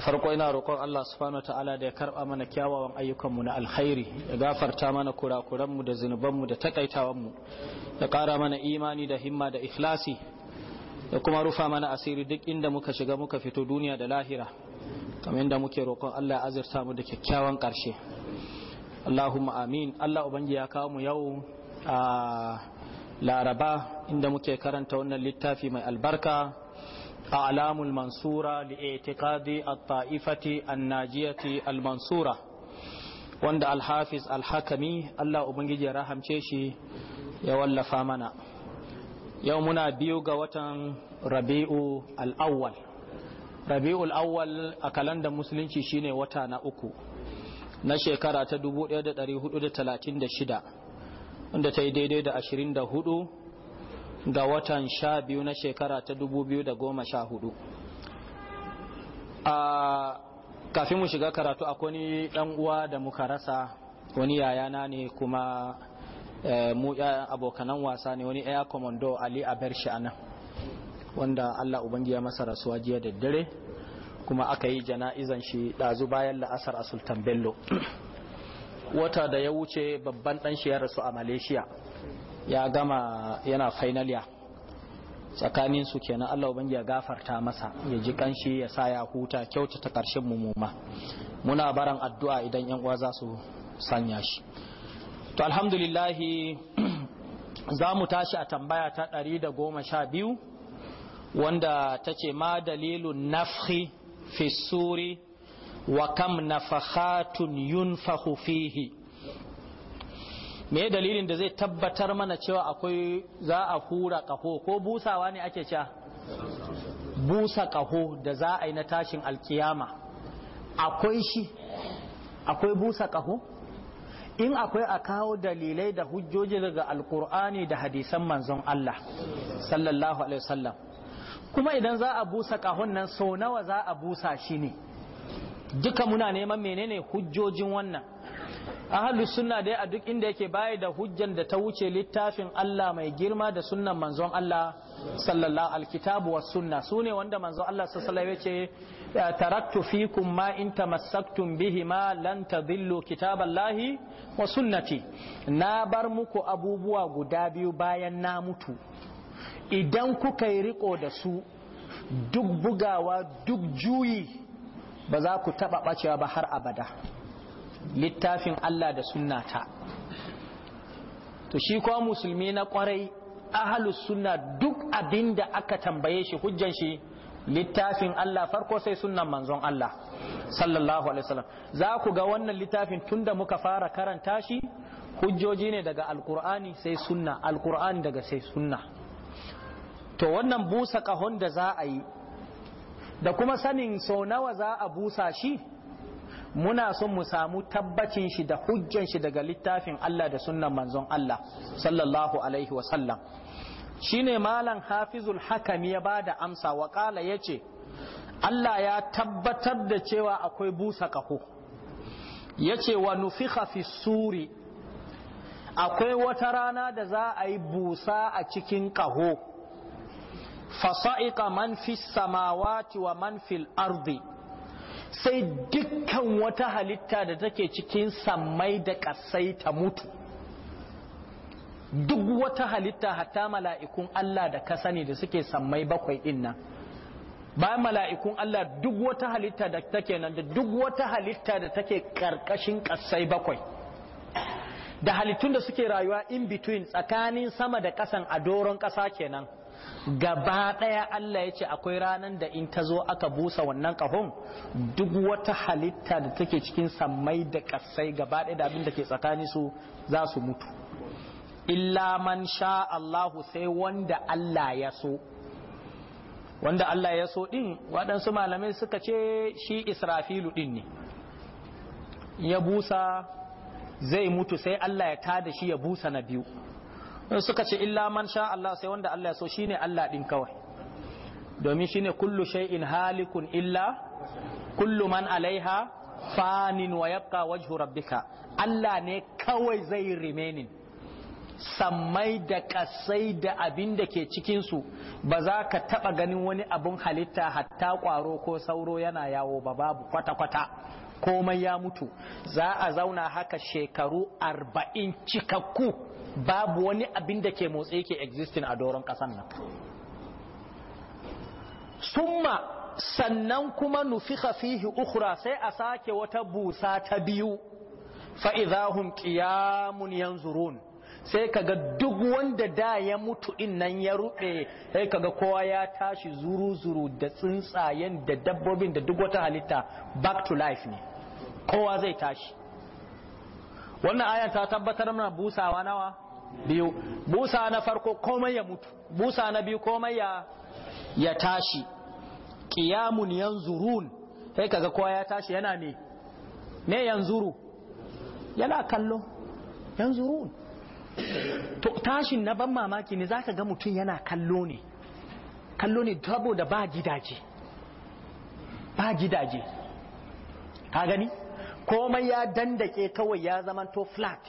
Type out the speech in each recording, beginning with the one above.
farko ina roƙon Allah subhanahu ta'ala da ya karba mana kyawawan mu na alkhairi ya gafarta mana kurakuranmu da zunubanmu da takaitawanmu ya ƙara mana imani da himma da ikhlasi da kuma rufa mana asiri duk inda muka shiga muka fito duniya da lahira kamar inda muke roƙon Allah ya azurta mu da kyakkyawan ƙarshe Allahumma amin Allah ubangi ya kawo mu yau a laraba inda muke karanta wannan littafi mai albarka أعلام المنصورة لإعتقاد الطائفة الناجية المنصورة وند الحافظ الحكمي الله أبنجي رحم تشيشي يولى فامنا يومنا بيوغا وطن ربيع الأول ربيع الأول أكلان دا مسلين شيني وطن أكو na shekara ta 1436 wanda ta yi daidai da 24 ga watan sha biyu na shekara ta dubu biyu da goma sha hudu kafin mu shiga karatu akwai dan uwa da muka rasa wani yayana ne kuma e, mu mu abokanan wasa ne wani air commando ali abershi anan wanda allah ubangi ya masa rasuwa jiya da dare kuma aka yi jana'izan shi ɗazu bayan la'asar a sultan bello wata da ya wuce babban ɗan shi ya rasu a malaysia ya gama yana final ya tsakanin su kenan Allah ubangi ya gafarta masa ya ji kanshi ya sa ya huta kyautata karshen mu mu muna baran addu'a idan yan uwa za su sanya shi to alhamdulillah za mu tashi a tambaya ta 112 wanda ta ce ma dalilun nafhi fi suri wa kam nafakhatun yunfahu fihi me dalilin da zai tabbatar mana cewa akwai za a hura kaho ko busawa ne ake cewa busa kaho da za a yi na tashin alkiyama akwai shi akwai busa kaho in akwai a kawo dalilai da hujjoji daga alkur'ani da hadisan manzon Allah sallallahu alaihi wasallam kuma idan za a busa kahon nan sau nawa za a busa shi ne duka muna neman menene hujjojin wannan ahalu sunna dai a duk inda yake baya da hujjan da ta wuce littafin Allah mai girma da sunnan manzon Allah sallallahu alkitabu was sunna sune wanda manzon Allah sallallahu alaihi yace taraktu fikum ma in tamassaktum bihi ma lan tadillu kitaballahi wa sunnati na bar muku abubuwa guda biyu bayan na mutu idan kuka yi riko da su duk bugawa duk juyi ba za ku taba bacewa ba har abada littafin Allah da sunnata to shi kuma musulmi na kwarai ahalus sunna duk abin da aka tambaye shi hujjan shi littafin Allah farko sai sunnan manzon Allah sallallahu alaihi wasallam za ku ga wannan littafin tunda muka fara karanta shi hujjoji ne daga alkur'ani sai sunna alkur'ani daga sai sunna to wannan busa kahon da za a yi da kuma sanin sau nawa za a busa shi muna son mu samu tabbacin shi da hujjan shi daga littafin Allah da sunnan manzon Allah sallallahu alaihi wa sallam shine malam hafizul hakami ya bada amsa wa kala yace Allah ya tabbatar da cewa akwai busa kaho yace wa nufikha fi suri akwai wata rana da za a yi busa a cikin kaho fasa'iqa man fi samawati wa man fil ardi sai dukkan wata halitta da take cikin samai da kasai ta mutu duk wata halitta hatta mala'ikun Allah da ka sani da suke samai bakwai din nan bayan mala'ikun Allah duk wata halitta da take nan da duk wata halitta da take karkashin ƙasai bakwai da halittun da suke rayuwa in between tsakanin sama da kasan a doron ƙasa kenan gaba ɗaya Allah ya ce akwai ranar da in ta zo aka busa wannan ƙahon duk wata halitta da take cikin sammai da ƙasai gaba ɗaya da abin da ke tsakani su za su mutu illa man sha Allahu sai wanda Allah ya so wanda Allah ya so ɗin waɗansu malamai suka ce shi israfilu ɗin ne ya busa zai mutu sai Allah ya tada shi ya busa na biyu suka ce illa man sha Allah sai wanda Allah ya so shine Allah din kawai domin shine kullu shay'in halikun illa kullu man alaiha fanin wa yabqa wajhu rabbika Allah ne kawai zai remaining sammai da kasai da abin da ke cikinsu ba za ka taɓa ganin wani abun halitta hatta kwaro ko sauro yana yawo ba babu kwata-kwata komai ya mutu za a zauna haka shekaru arba'in cikakku babu wani abin da ke motsa yake existing a doron ƙasan nan summa sannan kuma nufi fihi ukhra sai a sake wata busa ta biyu Fa'izahun idahum qiyamun yanzurun sai kaga duk wanda da ya mutu in nan ya rube sai kaga kowa ya tashi zuru-zuru da tsuntsayen da dabbobin da duk wata halitta back to life ne kowa zai tashi wannan ayan ta tabbatar mana busawa nawa biyu busa na farko komai ya mutu busa na biyu komai ya ya tashi qiyamun yanzurun sai kaga kowa ya tashi yana ne me yanzuru yana kallo yanzurun to tashin na ban mamaki ne zaka ga mutum yana kallo ne kallo ne da ba gidaje ba gidaje ka gani komai ya dandake kawai ya to flat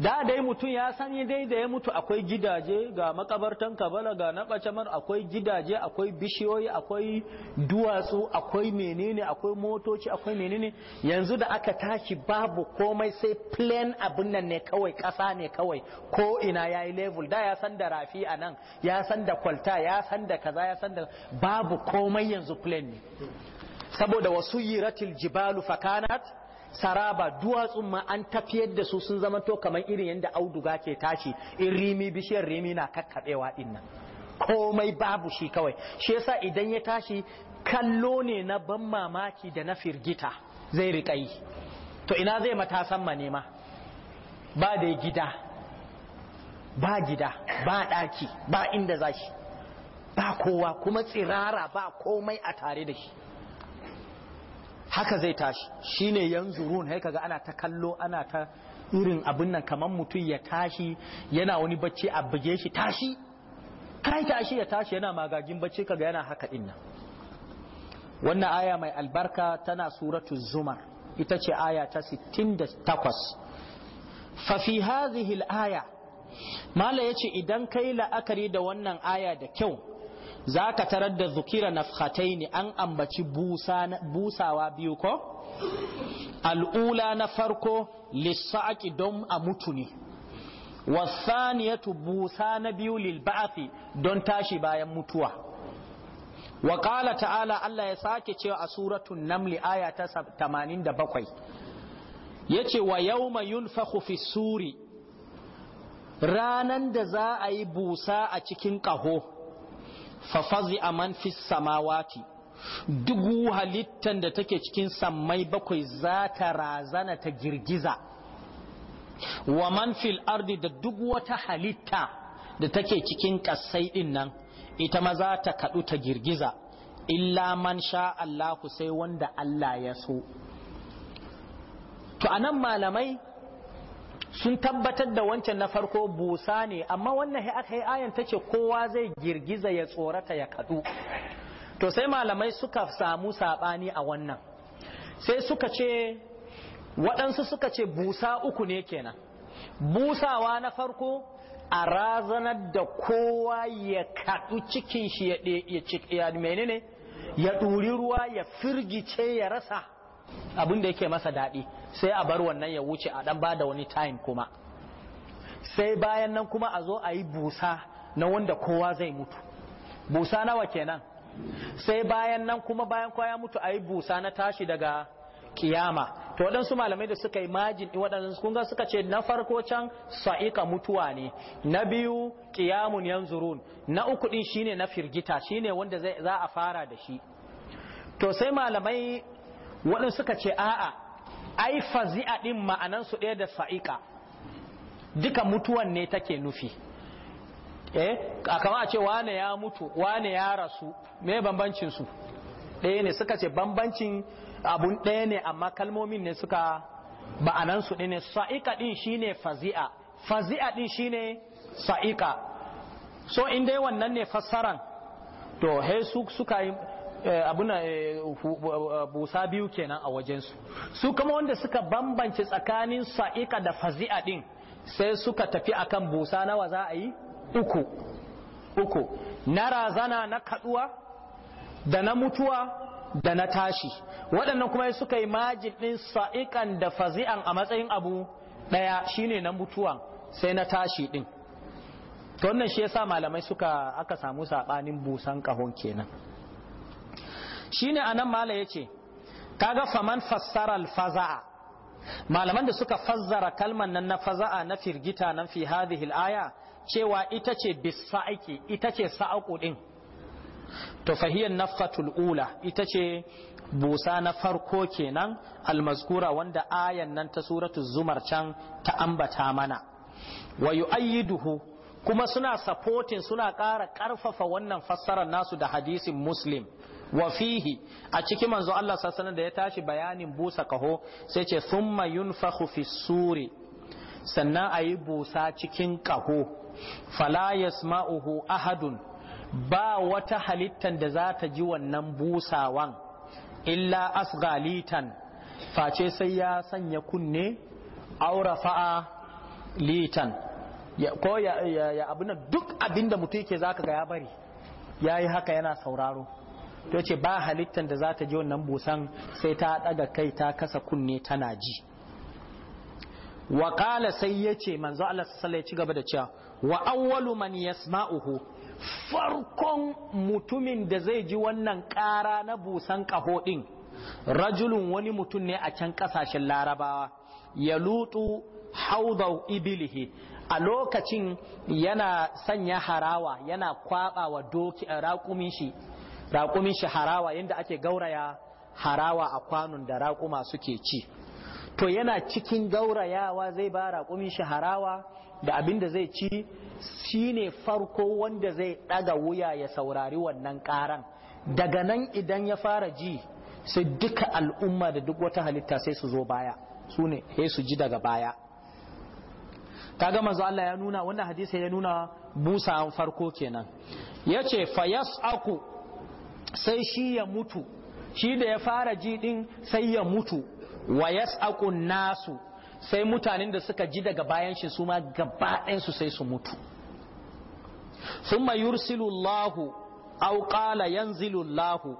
da dai mutum ya sani dai da ya mutu akwai gidaje ga makabartan kabala ga na bacamar akwai gidaje akwai bishiyoyi akwai duwatsu akwai menene akwai motoci akwai menene yanzu da aka tashi babu komai sai plan abin nan ne kawai kasa ne kawai ko ina yayi level da ya san da rafi a nan ya san da kwalta ya san da kaza ya san da babu komai yanzu plan ne saboda wasu yiratil jibalu fakanat saraba duwatsun ma an tafiyar da su sun zama to kamar irin yadda auduga ke tashi in rimi bishiyar rimi na kakkaɓewa ɗin komai babu shi kawai shi yasa idan ya tashi kallo ne na ban mamaki da na firgita zai riƙa yi to ina zai matasan ma nema ba da gida ba gida ba ɗaki ba inda za shi ba kowa kuma tsirara ba komai a tare da shi haka zai tashi shine yanzurun haika kaga ana ta kallo ana ta irin abin nan kamar mutum ya tashi yana wani bacci a buge shi tashi kai tashi ya tashi yana magagin bacci kaga yana haka din wannan aya mai albarka tana suratu zumar ita ce aya ta 68 fa fi hadhihi al-aya mala yace idan kai la'akari da wannan aya da kyau za ka tarar da zukira nafhatai ne an ambaci busawa biyu ko al'ula na farko lissa'aki don a mutu ne wasaniyatu busa na biyu lilba'afi don tashi bayan mutuwa wa ƙala ta'ala Allah ya sake cewa a suratun namli aya ta 87 ya ce wa yau mayun fi suri ranan da za a yi busa a cikin ƙaho fafazi a man fi samawati duk halittan da take cikin sammai bakwai za ta razana ta girgiza wa man ardi da duk wata halitta da take cikin kasai din nan ita ma za ta kadu ta girgiza illa man sha Allahu sai wanda Allah ya so to anan malamai sun tabbatar da wancan na farko busa ne amma wannan aka yi ayan ta ce kowa zai girgiza ya tsorata ya kadu to sai malamai suka samu saɓani a wannan sai suka ce waɗansu suka ce busa uku ne kenan busawa na farko a razanar da kowa ya kadu cikin shi ya menene ya ɗuri ruwa ya firgice ya rasa abin da yake masa daɗi sai a bar wannan ya wuce a dan bada wani time kuma sai bayan nan kuma a zo a yi busa na wanda kowa zai mutu busa nawa kenan sai bayan nan kuma bayan kowa ya mutu a yi busa na tashi daga kiyama to waɗansu malamai da suka yi majin waɗansu kunga suka ce na farko can sa'ika mutuwa ne na biyu kiyamun yanzurun na uku din shine na firgita shine wanda za a fara da shi to sai malamai waɗansu suka ce a'a ai fazi'a din ma'anan su ɗaya da sa'iqa duka mutuwan ne take nufi eh akama a ce wane ya mutu wane ya rasu me bambancin su ɗaya ne suka ce bambancin abun ɗaya ne amma kalmomin ne suka ma'anan su ne sa'iqa din shine fazi'a fazi'a din shine sa'iqa so in dai wannan ne fassaran to he suka yi Eh, abuna eh, eh, busa biyu kenan a wajensu su kuma wanda suka bambance tsakanin sa'ika da fazi'a din sai suka tafi akan busa nawa za a yi uku uku na razana na kaduwa da na mutuwa da na tashi waɗannan kuma suka yi majin ɗin sa'ikan da fazi'an a matsayin abu ɗaya shine na mutuwan sai na tashi ɗin wannan shi yasa malamai suka aka samu saɓanin busan kahon kenan shine anan mala yace kaga faman fassara fazaa malaman da suka fassara kalman nan na faza'a na firgita nan fi hadhihi al-aya cewa ita ce bisaiki ita ce sa'aqu din to fahiyar nafatul ula ita ce busa na farko kenan almazkura wanda ayan nan ta suratu zumar can ta ambata mana wa yu'ayyiduhu kuma suna supporting suna ƙara ƙarfafa wannan fassarar nasu da hadisin muslim wa fihi a cikin manzo Allah sallallahu da ya tashi bayanin busa kaho sai ce thumma yunfakhu fi suri sannan ayi busa cikin kaho fala yasma'uhu ahadun ba wata halittan da za ta ji wannan busawan illa asgalitan face sai ya sanya kunne aura fa'a litan ko ya abin duk abinda mutum yake zaka ga ya bari yayi haka yana sauraro to ce ba halittar da za ta ji wannan busan sai ta daga kai ta kasa kunne tana ji wa qala sai yace manzo Allah sallallahu ya ci gaba da cewa wa awwalu man yasma'uhu farkon mutumin da zai ji wannan ƙara na busan kaho ɗin rajulun wani mutum ne a can ƙasashen larabawa ya lutu haudau ibilihi a lokacin yana sanya harawa yana kwaba wa raƙumin shi raƙumin shi harawa yadda ake gauraya harawa a kwanon da raƙuma suke ci to yana cikin gaurayawa zai ba raƙumin shi harawa da abin da zai ci shine farko wanda zai ɗaga wuya ya saurari wannan ƙaran daga nan idan ya fara ji sai duka al'umma da duk wata halitta sai su zo baya su ne sai su ji daga baya Ta kaga zo Allah ya nuna wannan hadisi ya nuna busa an farko kenan yace Aku. sai shi ya mutu shi da ya fara ji din sai ya mutu wa yas'aqun nasu sai mutanen da suka ji daga bayan shi su ma gaba su sai su mutu thumma yursilu Allahu aw qala yanzilu Allahu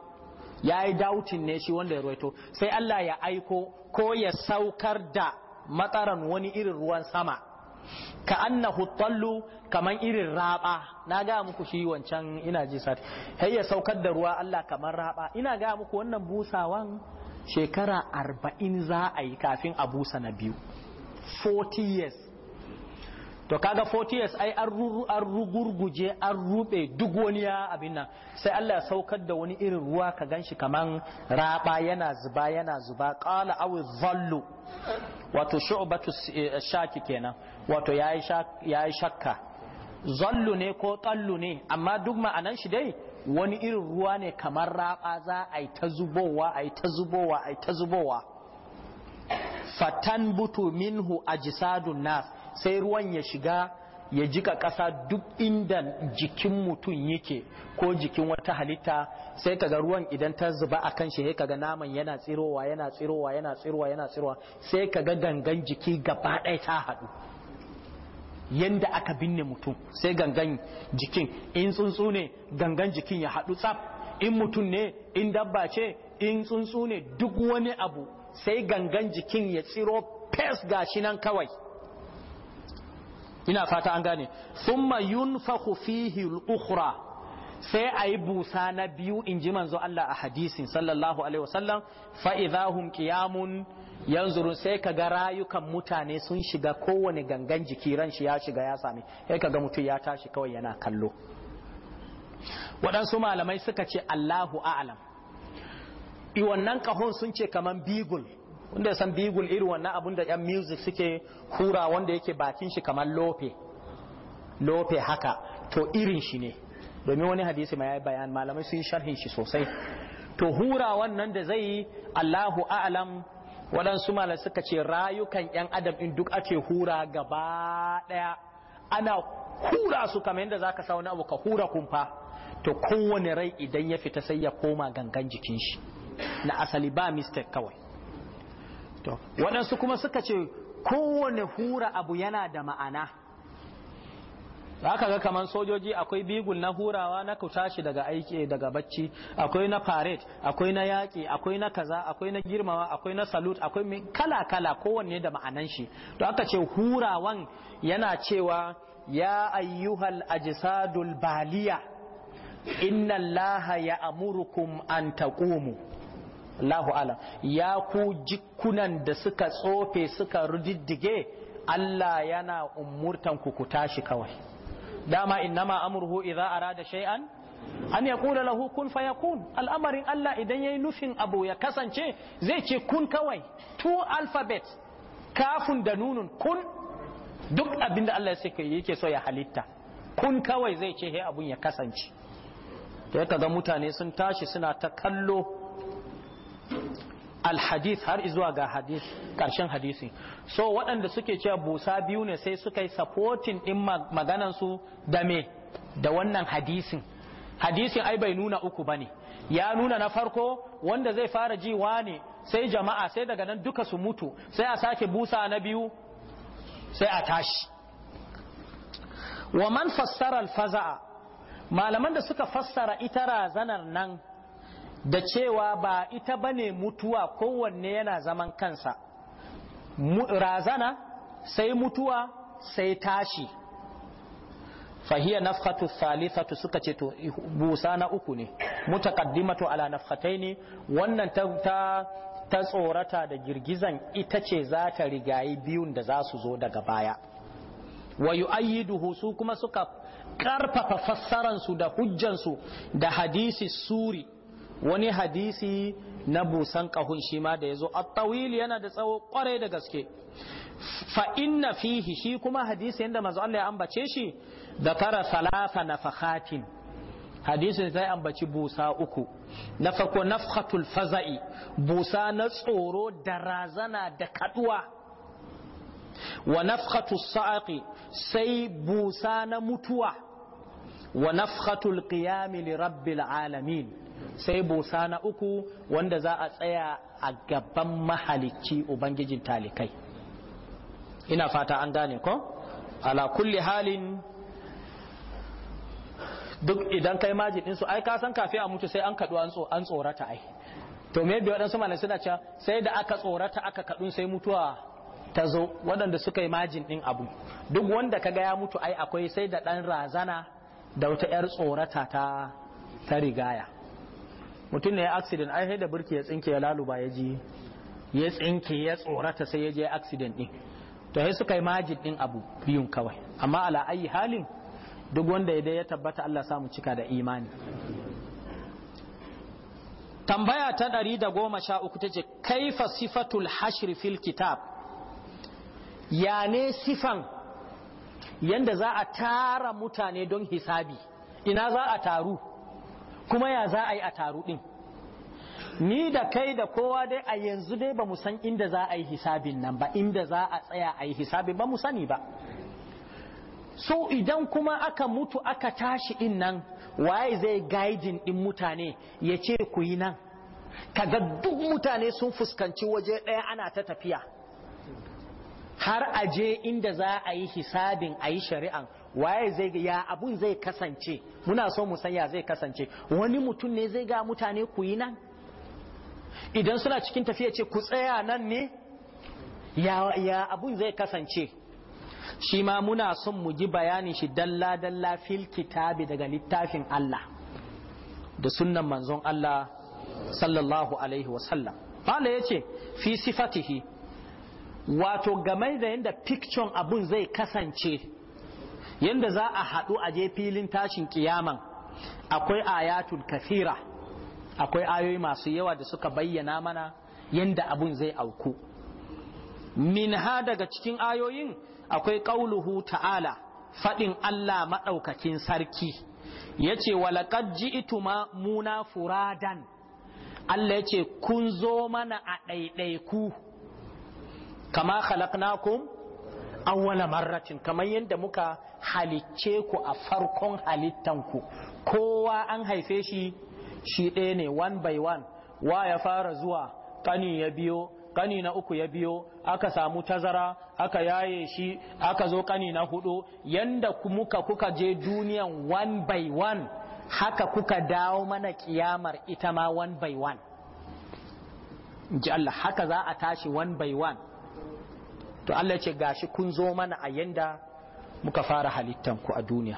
yayi dautin ne shi wanda ya ruwaito sai Allah ya aiko ko ya saukar da matsaran wani irin ruwan sama ka annahu tallu kaman irin raba na ga muku shi wancan ina ji sati sai ya saukar da ruwa Allah kaman raba ina ga muku wannan busawan shekara arba'in za a yi kafin a busa na biyu 40 years to kaga 40 years ai an rugurguje an rube duk wani ya abin nan sai Allah ya saukar da wani irin ruwa ka ganshi kaman raba yana zuba yana zuba qala aw zallu wato shu'batu eh, shaki kenan wato yayi yayi shakka zallu ne ko tallu ne amma duk ma'anan shi dai wani irin ruwa ne kamar raba za a yi ta zubowa a yi ta zubowa a yi ta zubowa fatan butu minhu ajsadun nas sai ruwan ya shiga ya jika ƙasa duk inda jikin mutum yake ko jikin wata halitta sai kaga ruwan idan ta zuba a kan shi kaga naman yana tsirowa yana tsirowa yana tsirowa yana tsirowa sai kaga gangan jiki gaba ɗaya ta haɗu yadda aka binne mutum sai gangan jikin in tsuntsu ne gangan jikin ya haɗu tsaf in mutum ne in dabba ce in tsuntsu ne duk wani abu sai gangan jikin ya tsiro fes gashi nan kawai ina fata an gane thumma yunfakhu fihi ukhra sai ayi busa na biyu in ji manzo Allah a hadisin sallallahu alaihi wasallam fa idahum qiyamun yanzurun sai kaga rayukan mutane sun shiga kowane gangan jiki ran shi ya shiga ya sami sai kaga mutum ya tashi kawai yana kallo waɗansu malamai suka ce Allahu a'alam. iwannan wannan kahon sun ce kaman bigul wanda san bigul irin wannan abun da yan music suke hura wanda yake bakin shi kamar lofe lofe haka to irin shi ne domin wani hadisi mai yayi bayan malamai sun sharhin shi sosai to hura wannan da zai Allahu a'lam waɗansu malamai suka ce rayukan yan adam in duk ake hura gaba ɗaya ana hura su kamar yadda zaka sa wani abu ka hura kumfa to kowane rai idan ya fita sai ya koma gangan jikin shi na asali ba mistake kawai to waɗansu kuma suka ce kowane hura abu yana da ma'ana za ka ga kamar sojoji akwai bigul na hurawa na ku tashi daga aiki daga bacci akwai na parade akwai na yaƙi akwai na kaza akwai na girmawa akwai na salut akwai kala kala kowanne da ma'anan shi to aka ce hurawan yana cewa ya ayyuhal ajisadul baliya inna allaha amurukum an taqumu Allahu alam ya ku jikunan da suka tsofe suka rudiddige Allah yana umurtan ku ku tashi kawai dama innama amruhu idza arada shay'an an yaqula lahu kun fayakun al'amarin Allah idan yayi nufin abu ya kasance zai ce kun kawai two alphabet kafun da nunun kun duk abinda Allah yake so ya halitta kun kawai zai ce he abun ya kasance da ya ga mutane sun tashi suna ta kallo alhadis har zuwa ga hadis karshen hadisi so waɗanda suke cewa busa biyu ne sai suka yi supporting din maganansu su da me da wannan hadisin hadisin ai bai nuna uku ba ne ya nuna na farko wanda zai fara ji wane sai jama'a sai daga nan duka su mutu sai a sake busa na biyu sai a tashi wa man fassara alfaza'a malaman da suka fassara ita razanar nan da cewa ba ita bane mutuwa kowanne yana zaman kansa razana sai mutuwa sai tashi fahiya nafkhatu salifatu suka ce to busa na uku ne mutakaddimatu ala ne wannan ta, ta ta tsorata da girgizan ita ce za ta rigayi biyun da za su zo daga baya wa yu'ayyiduhu su kuma suka karfafa fassaransu da hujjansu da hadisi suri wani hadisi na busan ƙahunshi shi ma da ya zo attawil yana da tsawo kwarai da gaske fa inna fihi shi kuma hadisi yadda manzo Allah ya ambace shi da tara salasa Hadisi hadisin sai ambaci busa uku na farko nafhatul faza'i busa na tsoro da razana da kaduwa wa nafhatu sa'aqi sai busa na mutuwa wa nafhatul qiyam li rabbil alamin sai busa na uku wanda za a tsaya a gaban mahalicci ubangijin talikai ina fata an gane ko ala kulli halin duk idan kai majin su ai ka san kafi a mutu sai an kadu an tsorata ai to me bi waɗansu malai suna cewa sai da aka tsorata aka kadun sai mutuwa ta zo waɗanda suka yi majin ɗin abu duk wanda kaga ya mutu ai akwai sai da ɗan razana da wata 'yar tsorata ta ta rigaya mutum ne ya accident ai da birki ya tsinke ya laluba ya ji ya tsinke ya tsorata sai ya je accident din to sai suka yi majid din abu biyun kawai amma ala ayi halin duk wanda ya dai ya tabbata Allah samu cika da imani tambaya ta ɗari da goma sha uku ta ce kaifa sifatul hashr fil kitab ya ne sifan yanda za a tara mutane don hisabi ina za a taru kuma ya za a yi a taru ɗin ni da kai da kowa dai a yanzu dai ba mu san inda za a yi hisabin nan ba inda za a tsaya a yi hisabin ba mu sani ba so idan kuma aka mutu aka tashi in nan waye zai gaidin ɗin mutane ya ce ku yi nan kaga duk mutane sun fuskanci waje ɗaya ana ta tafiya har aje inda za a yi hisabin a yi shari'an waye zai ya abun zai kasance muna so mu san ya zai kasance wani mutum ne zai ga mutane ku yi nan idan suna cikin tafiya ce ku tsaya nan ne ya, ya abun zai kasance shi ma muna son mu ji bayanin shi dalla dalla fil kitabi daga littafin Allah da sunnan manzon Allah sallallahu alaihi wasallam Allah ya fi sifatihi wato game da yanda picture abun zai kasance yanda za a haɗu a je filin tashin kiyaman akwai ayatul Kafira akwai ayoyi masu yawa da suka bayyana mana yanda abun zai auku min ha daga cikin ayoyin akwai ƙauluhu ta'ala faɗin Allah maɗaukakin sarki ya ce ji ji'ituma muna furadan Allah yace kun zo mana a ɗaiɗaiku kama halaknakum awwala marratin kamar yadda muka halicce ku a farkon halittanku kowa an haife shi shi ɗaya ne one by one wa ya fara zuwa kani ya biyo kani na uku ya biyo aka samu tazara aka yaye shi aka zo kani na hudu yanda muka kuka je duniyan one by one haka kuka dawo mana kiyamar ita ma one by one ji haka za a tashi one by one to Allah ce gashi kun zo mana a yanda muka fara halittan ku a duniya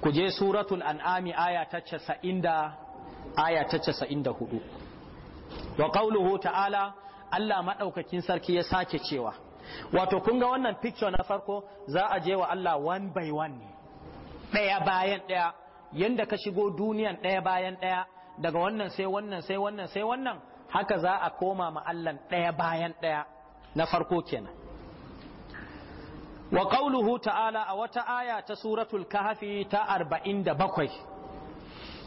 ku je suratul an'ami aya ta 90 aya ta 94 wa qawluhu ta'ala Allah madaukakin sarki ya sake cewa wato kun ga wannan picture na farko za a je wa Allah one by one ne Daya bayan daya yanda ka shigo duniyan daya bayan daya daga wannan sai wannan sai wannan sai wannan haka za a koma ma Allah daya bayan daya. na farko kenan wa qauluhu ta'ala a wata aya ta suratul kahfi ta 47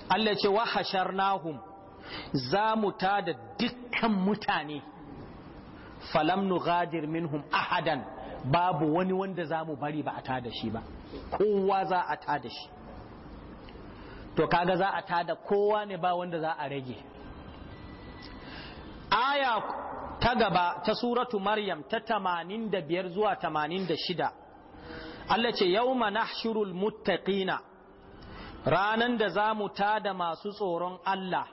Allah ce wa hasharnahum zamu mu tada dukkan mutane falam nughadir minhum ahadan babu wani wanda zamu bari ba a tada shi ba kowa za a tada shi to kaga za a tada kowa ne ba wanda za a rage aya ta gaba ta suratu maryam ta 85 zuwa 86 Allah ce yauma nahshurul muttaqina ranan da za mu tada masu tsoron Allah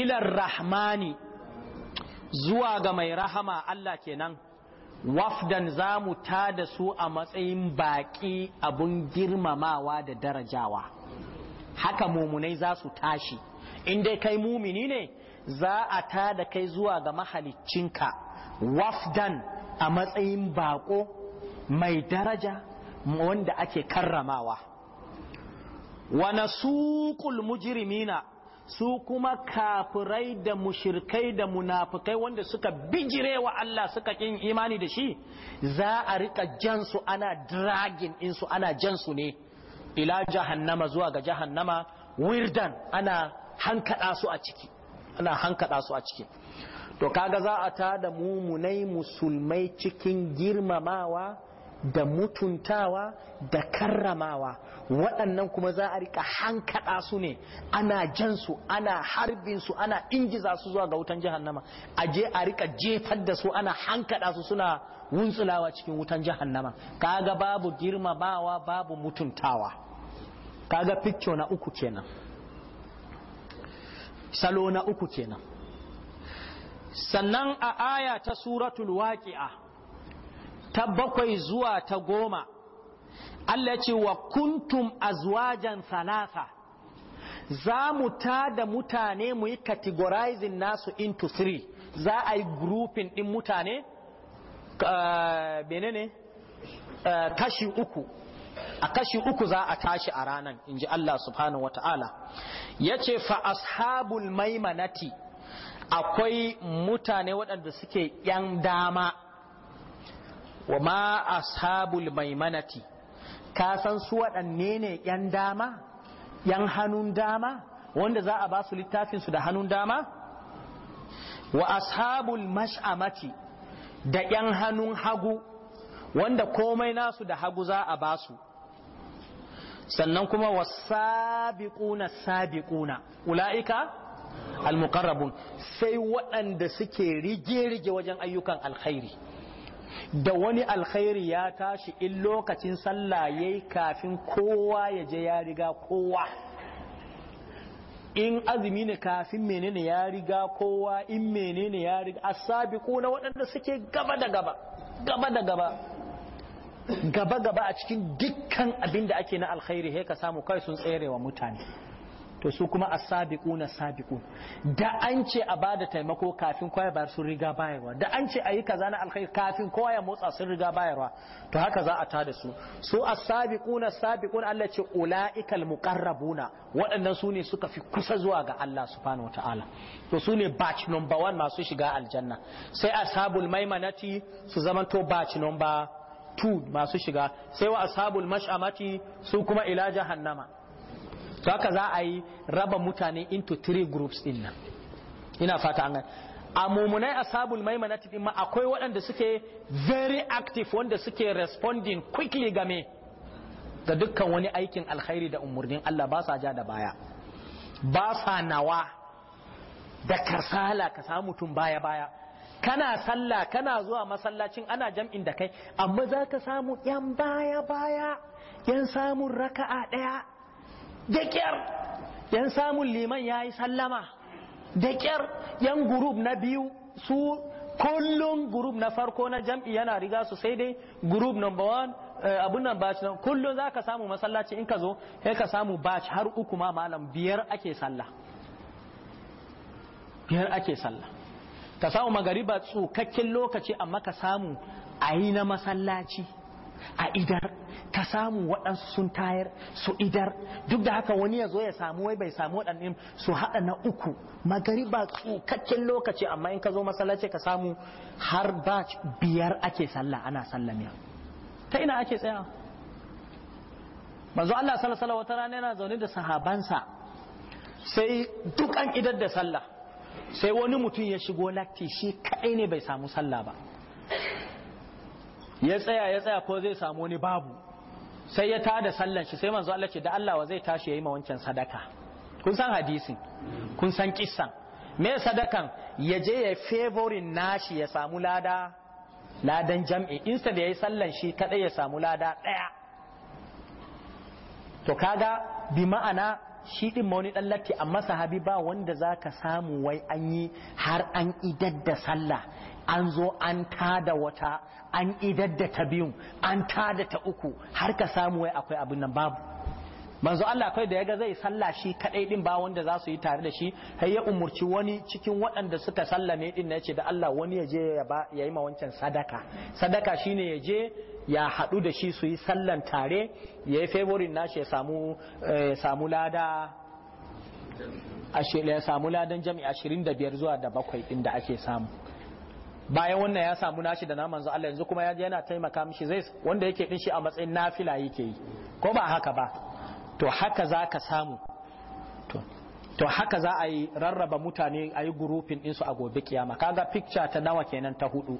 ilar rahmani zuwa ga mai rahama Allah kenan wafdan za mu tada su a matsayin baƙi abun girmamawa da darajawa haka mumunai za su tashi in dai kai mumini ne za a ta da kai zuwa ga mahalicinka wafdan a matsayin bako mai daraja wanda ake karramawa wana suƙul mujirimina su kuma kafirai da mushirkai da munafukai wanda suka bijire wa Allah suka kin imani da shi za a rika jansu ana dragin insu ana jansu ne ila jahannama zuwa ga jahannama wirdan ana hankada su a ciki ana hankada su a ciki to kaga za a tada mumunai musulmai cikin girmamawa da mutuntawa da karramawa waɗannan kuma za a rika hankaɗa su ne ana jansu ana harbin su ana ingiza su zuwa ga wutan jahannama a je a rika jefar da su ana hankaɗa su suna wuntsulawa cikin wutan jahannama kaga babu girmamawa babu mutuntawa kaga fikyo na uku kenan salo na uku kenan sannan a aya ta suratul waqi'a ta bakwai zuwa ta goma Allah ce wa kuntum azwajan thalatha za mu da mutane mu yi categorizing nasu into three za a yi grouping din mutane uh, kashi uku a kashi uku za a tashi a ranan in ji Allah subhanahu wa ta'ala ya ce fa ashabul maimanati akwai mutane waɗanda suke ‘yan dama wa ma ashabul maimanati ka san su waɗanne ne ‘yan dama ‘yan hannun dama wanda za a ba su littafinsu da hannun dama wa ashabul mash'amati da ‘yan hannun hagu wanda komai nasu da hagu za a basu. sannan kuma wasabiquna sabiquna ulaika almuqarrabun sai waɗanda suke rige-rige wajen ayyukan alkhairi da wani alkhairi ya tashi in lokacin sallah yayi kafin kowa ya je ya riga kowa in azumi ne kafin menene ya riga kowa in menene ya riga asabiquna waɗanda suke gaba da gaba gaba da gaba gaba gaba a cikin dukkan abin da ake na alkhairi he ka samu kai sun tserewa mutane to su kuma na sabiqun da an ce a bada taimako kafin kowa bar sun riga bayarwa da an ce ayi kaza na alkhairi kafin kowa ya motsa sun riga bayarwa to haka za a tada su su asabiquna sabiqun Allah ce ulaiikal muqarrabuna waɗannan su ne suka fi kusa zuwa ga Allah subhanahu wataala to su ne batch number 1 masu shiga aljanna sai ashabul maimanati su to batch number tud masu shiga sai wa ashabul mash'amati su kuma ila jahannama to haka za a yi raba mutane into three groups din nan ina fata an gani a mumunai ashabul maimanati din ma akwai waɗanda suke very active wanda suke responding quickly game ga dukkan wani aikin alkhairi da umurnin Allah ba sa ja da baya ba sa nawa da kasala ka samu mutum baya baya kana sallah kana zuwa masallacin ana jam'in da kai amma za ka samu yan baya baya yan samun raka'a ɗaya da ƙyar yan samun liman ya yi sallama da ƙyar yan gurub na biyu su kullum gurub na farko na jam'i yana riga su sai dai gurub number one eh, abun nan batch nan kullum za ka samu masallaci in ka zo sai ka samu batch har uku ma malam biyar ake sallah biyar ake sallah ka samu magariba tsukakken lokaci amma ka samu a yi na masallaci a idar ka samu waɗansu sun tayar su idar duk da haka wani ya zo ya samu wai bai samu waɗannan su haɗa na uku magariba tsukakken lokaci amma in ka zo masallaci ka samu har ba biyar ake sallah ana sallamiya ta ina ake tsaya manzo Allah sallallahu alaihi wata rana yana zaune da sahabansa sai duk an idar da sallah sai wani mutum ya shigo latti shi kaɗai ne bai samu sallah ba ya tsaya ya tsaya ko zai samu wani babu sai ya tada sallan shi sai manzo Allah ce da Allah wa zai tashi yayi ma wancan sadaka kun san hadisin kun san kissan me sadakan ya je ya favorin nashi ya samu lada ladan jam'i insta da yayi sallan shi kadai ya samu lada daya to kaga bi ma'ana shi ɗin ma wani dan latti amma sahabi ba wanda zaka samu wai an yi har an idar da sallah an zo an tada wata an idar da ta biyun an tada ta uku har ka samu wai akwai abin nan babu manzo Allah kai da yaga zai sallah shi kadai din ba wanda za su yi tare da shi har ya umurci wani cikin waɗanda suka sallame din ne ce da Allah wani ya je ya yi ma wancan sadaka sadaka shine ya je ya haɗu da shi su yi sallan tare ya yi favorin nashi ya samu eh, lada ya samu ladan jami'a 25 zuwa da bakwai inda ake samu bayan wannan ya samu nashi da naman Allah yanzu kuma yana taimaka mishi zai wanda yake din shi a matsayin nafila yake yi ko ba haka ba to haka za ka samu to haka za a yi rarraba mutane a yi gurufin ɗinsu a gobe kiyama kaga picture ta nawa kenan ta hudu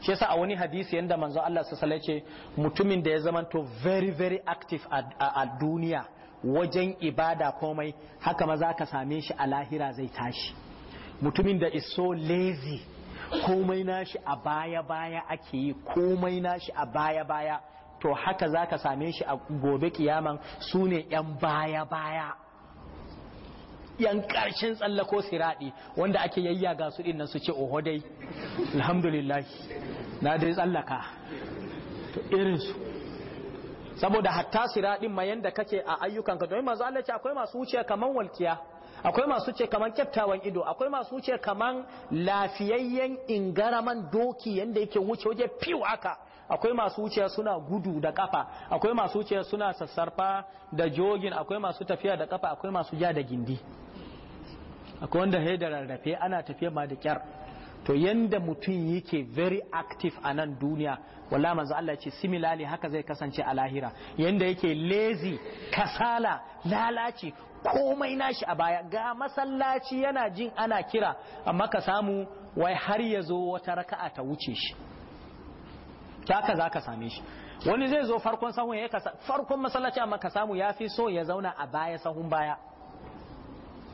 shi yasa a wani hadisi yanda manzo Allah su sale ce mutumin da ya zamanto very very active a duniya wajen ibada komai haka ma za ka same shi a lahira zai tashi mutumin da is so lazy komai nashi a baya baya ake yi komai nashi a baya baya to haka za ka same shi a gobe kiyaman su ne 'yan baya baya yan karshen tsallako siradi wanda ake yayyaga su din nan su ce oho dai alhamdulillah na dai tsallaka to irin su saboda hatta siradin ma yanda kake a ayyukanka domin manzo Allah ce akwai masu wuce kaman walkiya akwai masu ce kaman kyaftawan ido akwai masu wuce kaman lafiyayyen ingaraman doki yanda yake wuce waje fiw aka akwai masu wuce suna gudu da kafa akwai masu wuce suna sassarfa da jogin akwai masu tafiya da kafa akwai masu ja da gindi akwai wanda ya da rarrafe ana tafiya ma da kyar to yanda mutum yake very active a nan duniya wallahi manzo Allah ce similarly haka zai kasance a lahira yanda yake lazy kasala lalaci komai nashi a baya ga masallaci yana jin ana kira amma ka samu wai har ya wata raka'a ta wuce shi haka za ka same shi wani zai zo farkon sahun ya farkon masallaci amma ka samu ya fi so ya zauna a baya sahun baya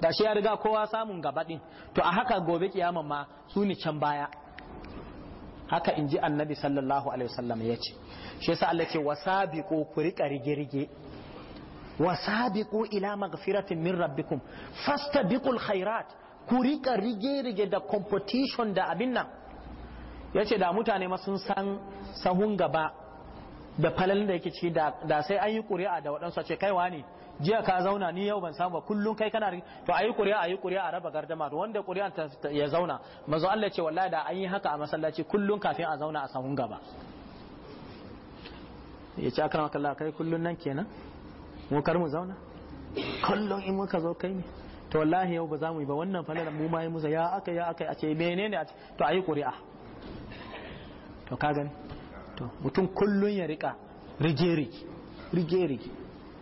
da shi ya riga kowa samun gaba din to a haka gobe kiyamar ma su ne can baya haka in ji annabi sallallahu alaihi wasallam ya ce shi yasa Allah ce wasabiqu ku rika rige-rige wasabiqu ila maghfiratin min rabbikum fastabiqul khairat ku rika rige-rige da competition da abin nan yace da mutane ma sun san sahun gaba da falalin da yake ci da sai an yi ƙuri'a da waɗansu a ce kaiwa ne jiya ka zauna ni yau ban samu ba kullun kai kana to ayi ƙuri'a ayi ƙuri'a a raba gardama to wanda ƙuri'an ya zauna manzo Allah ce wallahi da an yi haka a masallaci kullun kafin a zauna a sahun gaba ya ce akrama kallah kai kullun nan kenan mu kar mu zauna kullun in muka zo kai ne to wallahi yau ba za mu yi ba wannan falala mu ma yi musa ya aka ya aka a ce menene to ayi ƙuri'a to ka gani to mutum kullun ya rika rigeri rigeri.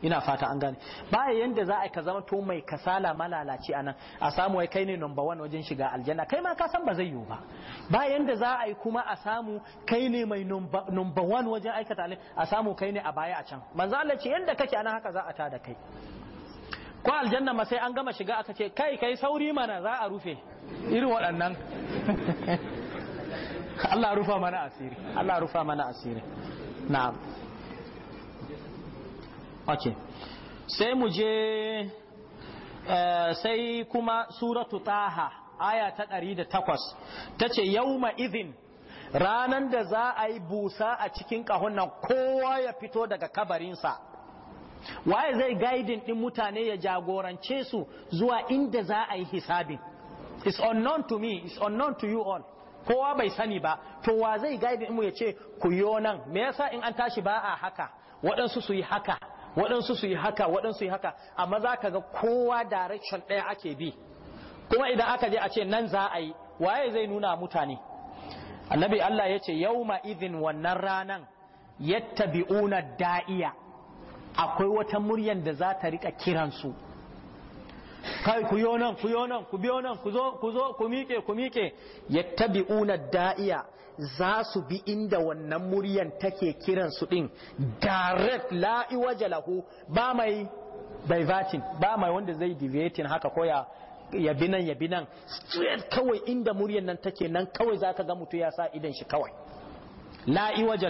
ina fata an gane baya yanda za a ka zama to mai kasala malalaci a nan a samu wai kai ne number one wajen shiga aljanna kai ma ka san ba zai yiwu ba ba yanda za a yi kuma a samu kai ne mai number one wajen aikata ne a samu kai ne a baya a can manzo Allah ce yanda kake anan haka za a tada kai ko aljanna ma sai an gama shiga aka ce kai kai sauri mana za a rufe irin waɗannan Allah rufa mana asiri Allah rufa mana asiri na'am ok sai mu je eh, sai kuma suratu taha aya ta ɗari da takwas ta ce yau izin ranan da za a yi busa a cikin ƙahon nan kowa ya fito daga kabarinsa waye zai gaidin ɗin mutane ya jagorance su zuwa inda za a yi hisabin it's unknown to me it's unknown to you all kowa bai sani ba to wa zai gaidin mu ya ce ku yi nan me yasa in an tashi ba a haka waɗansu su yi haka waɗansu su yi haka waɗansu yi haka amma za ka ga kowa direction ɗaya ake bi kuma idan aka je a ce nan za a yi waye zai nuna mutane annabi Allah ya ce ma izin wannan ranan biuna da'iya akwai wata muryan da za ta rika kiransu kai ku nan ku nan ku biyo nan ku zo ku zo ku miƙe ku miƙe yattabi'una da'iya za su bi inda wannan muryan take kiran su din direct la iwaja lahu ba mai diverting ba mai wanda zai deviating haka koya ya bi nan ya bi straight kawai inda muryan nan take nan kawai zaka ga mutu ya sa idan shi kawai la iwaja